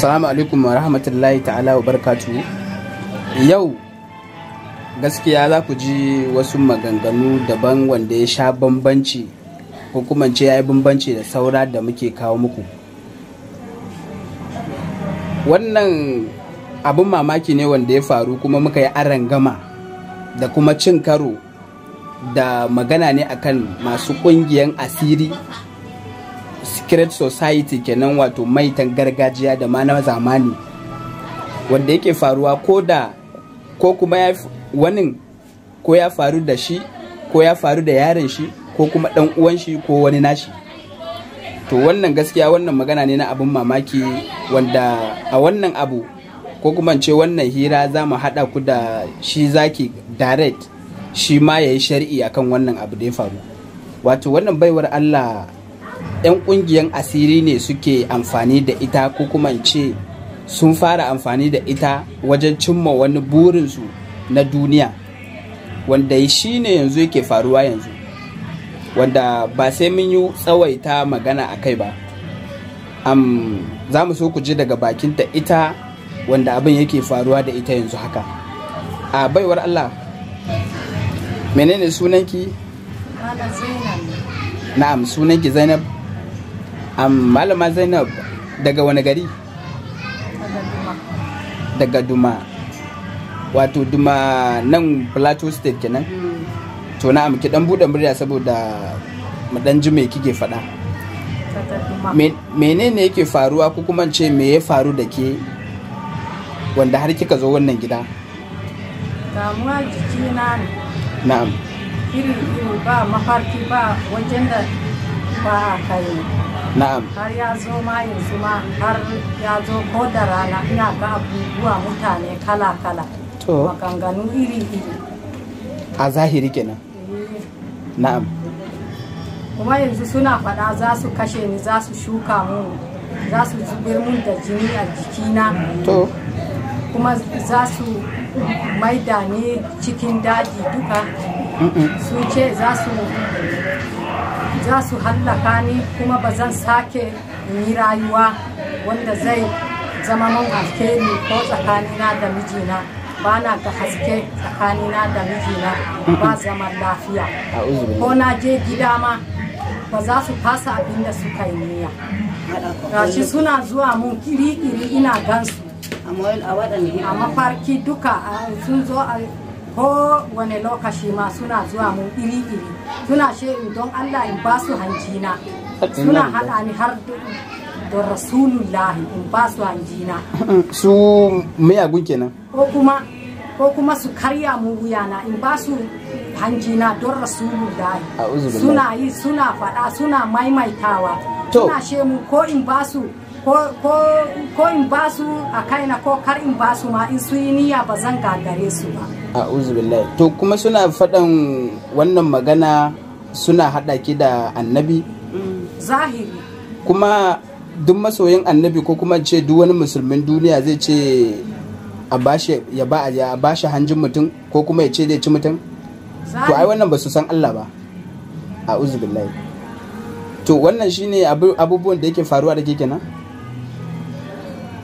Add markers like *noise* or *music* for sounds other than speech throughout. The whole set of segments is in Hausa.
assalamu alaikum rahmatullahi ta'ala wa barkatu yau gaskiya za ku ji wasu maganganu daban wanda ya sha bambanci hukumance ya yi bambanci da saura da muke kawo muku wannan abin mamaki ne wanda ya faru kuma muka yi gama da kuma cin karo da magana ne akan masu kungiyan asiri secret society kenan wato maitan gargajiya da ma na zamani wanda yake faruwa ko da ko kuma ya wani ko ya faru da shi ko ya faru da yaron shi ko kuma dan uwan shi ko wani nashi to wannan gaskiya wannan magana ne na abin mamaki wanda a wannan abu ko kuma ce wannan hira za mu haɗa ku da shi zaki direct shi ma ya yi shari'i akan wannan abu da ya faru wato wannan baiwar allah 'yan ƙungiyar asiri ne suke amfani da ita ko kuma ce sun fara amfani da ita wajen cimma wani burinsu na duniya wanda shi ne yanzu yake faruwa yanzu wanda ba sai mun yi tsawaita magana a kai ba um, za mu so ku ji daga bakinta ita wanda abin yake faruwa da ita yanzu haka a baiwar allah menene sunanki na'am sunanki zainab malama zainab daga wani gari daga duma wato duma nan plateau state kenan mm. to na amki dan buɗe murya saboda mu dan ji me kike faɗa menene yake faruwa ko kuma ce me ya faru da ke wanda har kika zo wannan gida damuwa na ne na'am iri ba mafarki ba wajen da ba a na'am har ya zo ma yanzu ma har ya zo ko da rana ina ga abubuwa mutane kala kala to maganganu iri iri a zahiri kenan eh. na'am kuma yanzu suna faɗa za su kashe ni za su shuka mu za su zubar mun da jini a jikina to kuma za su maida ni cikin daji duka sun ce za su za su hallaka ni kuma ba zan sake yi rayuwa wanda zai zama mun ni ko tsakanina da mijina ba na ga haske tsakanina da mijina ba zaman lafiya ko na je gida ma ba za su fasa abin da suka yi niyya shi suna zuwa mun kiri-kiri ina gansu a mafarki duka sun zo ko wane lokaci ma suna zuwa mu iri-iri suna in don Allah in ba su hanjina suna haɗa ni har da rasulullah in ba su hanjina *clears throat* su mayagun kenan ko kuma ko kuma su karya mu wuyana in ba su hanjina don rasulullah suna yi suna faɗa suna maimaitawa suna she mu ko in ba su ko in ba su a kaina ko kar in ba su ma in su yi niyya ba zan gagare su ba a'udhu billahi to kuma suna faɗan wannan magana suna haɗa ki da annabi zahiri kuma duk masoyin annabi ko kuma ce duk wani musulmin duniya zai ce a bashi ya ba a bashi hanjin mutum ko kuma ya ce zai ci mutum to ai wannan ba su san Allah ba a'udhu billahi to wannan shine abubuwan da yake faruwa da ke kenan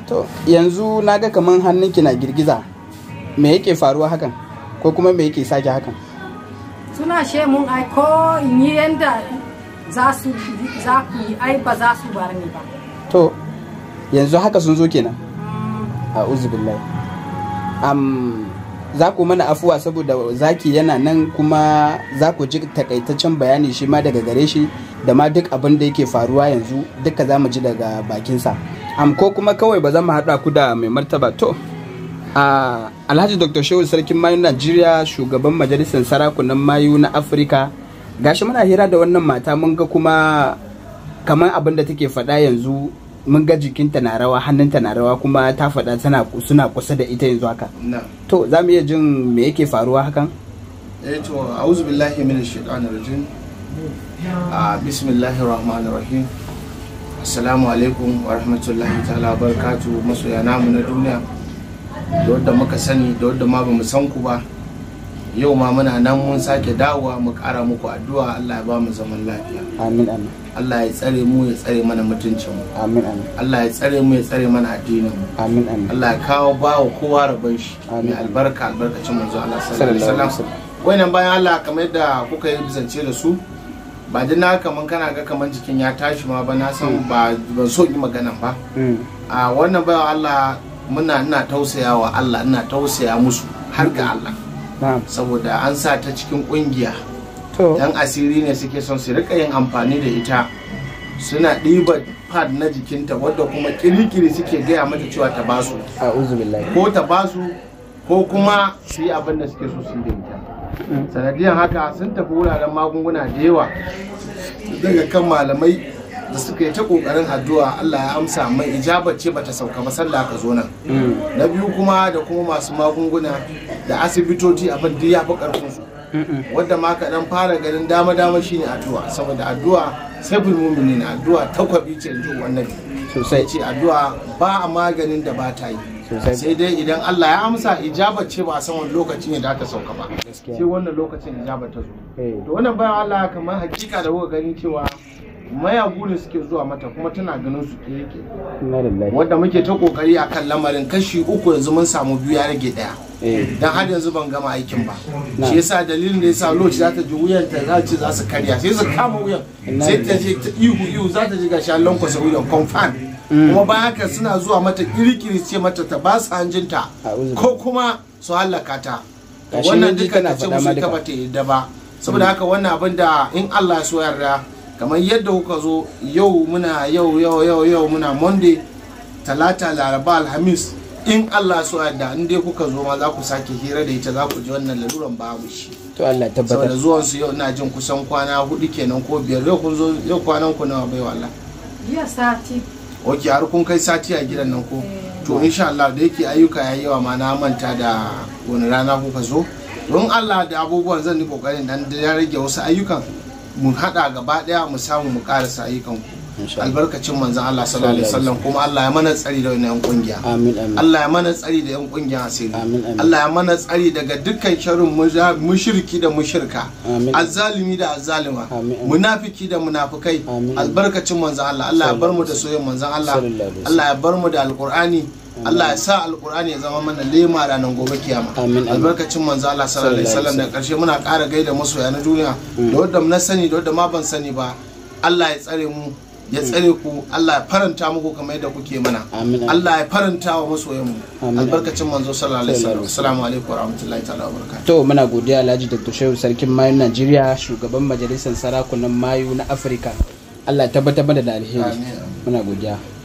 to yanzu na ga kamar hannunki na girgiza me yake faruwa hakan ko kuma me yake sake hakan suna she mun ai ko in yi yanda za su za ku yi ai ba za su bar ni ba to yanzu haka sun zo kenan mm. a uzubillahi am za ku mana afuwa saboda zaki yana nan kuma za ku ji takaitaccen bayani shi ma daga gare shi da ma duk abin da yake faruwa yanzu duka za mu ji daga bakinsa. am ko kuma kawai ba za mu haɗa ku da mai martaba to a alhaji dr shehu sarkin mayu najeriya shugaban majalisar sarakunan mayu na afirka gashi muna hira da wannan mata mun ga kuma kamar abin da take faɗa yanzu mun ga jikinta na rawa hannunta na rawa kuma ta faɗa suna kusa da ita yanzu haka to za mu iya jin me yake faruwa hakan eh to a'udhu billahi minash shaitanir rajim ah, bismillahir rahmanir rahim assalamu alaikum wa rahmatullahi ta'ala barkatu masoya namu na duniya da wadda muka sani da wadda ma bamu san ku ba yau ma muna nan mun sake dawowa mu kara muku addu'a Allah ya ba mu zaman lafiya amin amin Allah ya tsare mu ya tsare mana mutuncin mu amin amin Allah ya tsare mu ya tsare mana addinin mu amin amin Allah ya kawo bawa kowa rabon shi amin albarka albarkacin manzo Allah sallallahu alaihi wasallam wayannan bayan Allah kamar yadda kuka yi zance da su ba din na kaman kana ga kaman jikin ya tashi ma ba na san ba ban so yi magana ba hmm. a wannan bayan Allah muna ina tausaya wa Allah ina tausaya musu har ga Allah saboda an sa ta cikin kungiya dan asiri ne suke son su rika yin amfani da ita suna ɗiba pad na jikinta wadda kuma kirikiri suke gaya mata cewa ta basu ko ta basu ko kuma su yi abin da suke so su da ita sanadiyar haka sun tafi wuraren magunguna da yawa daga kan malamai da suka yi ta kokarin addu'a Allah ya amsa mai ijabar ce bata sauka ba sallah ka zo nan mm. na biyu kuma da kuma masu magunguna da asibitoci abin duk ya fi karfin su wadda ma kaɗan fara ganin dama dama shine addu'a saboda addu'a sai muminin addu'a takwabi ce in wannan sosai ce addu'a ba a maganin da ba ta yi sai dai idan Allah ya amsa ijaba ce ba a san wani lokaci ne da aka sauka ba sai wannan lokacin ijabar ta zo eh. to wannan bayan Allah kamar hakika da kuka gani cewa maya gurin suke zuwa mata kuma tana ganin su ke yake wanda muke ta kokari akan lamarin kashi uku yanzu mun samu biyu ya rage daya eh. dan har yanzu ban gama aikin ba shi yasa dalilin da yasa lokaci za ta ji wuyan ta za ce za su karya sai su kama wuyan sai ta je ihu ihu za ta ji gashi an lankwasa wuyan confirm Mm. kuma ba haka suna zuwa mata kirkiri ce mata ta ba su hanjinta ko kuma su hallaka ta wannan duka ta ce musu ita ba ta yadda ba saboda mm. haka wannan abin da in Allah so yarda kamar yadda kuka zo yau muna yau yau yau yau muna monday talata laraba alhamis in Allah so yarda in dai kuka zo ma za ku sake hira da ita za ku ji wannan laluran babu shi to Allah tabbata saboda zuwan su yau ina jin kusan kwana hudu kenan ko biyar yau kun zo yau kwanan ku nawa bai wallahi ya sati ok har kun kai sati a gidan nan ko eh. to insha Allah da yake ayyuka yayi yawa ma na manta da wani rana kuka zo don Allah da abubuwan zan yi kokarin dan da rage wasu ayyukan mu hada gaba daya mu samu mu karasa ayyukan ku albarkacin manzan Allah sallallahu alaihi wasallam kuma Allah ya mana tsari da wannan kungiya amin amin Allah ya mana tsari da yan kungiya asiri Allah ya mana tsari daga dukkan sharrin mushriki da mushirka azzalimi da azzalima munafiki da munafikai albarkacin manzan Allah Allah ya bar mu da soyayyen manzan Allah Allah ya bar mu da alqur'ani Allah ya sa alqur'ani ya zama mana lema ranar gobe kiyama albarkacin manzo Allah sallallahu alaihi wasallam da karshe muna ƙara gaida masoya na duniya mm. da wanda na sani da wanda ma ban sani ba Allah ya tsare mu ya tsare ku Allah ya faranta muku kamar yadda kuke mana Allah ya faranta wa masoyan albarkacin manzo sallallahu alaihi wasallam assalamu alaikum warahmatullahi ta'ala wabarakatuh to muna godiya Alhaji Dr. Shehu sarkin mayu Najeriya shugaban majalisar sarakunan mayu na Afirka Allah ya tabbatar da alheri muna godiya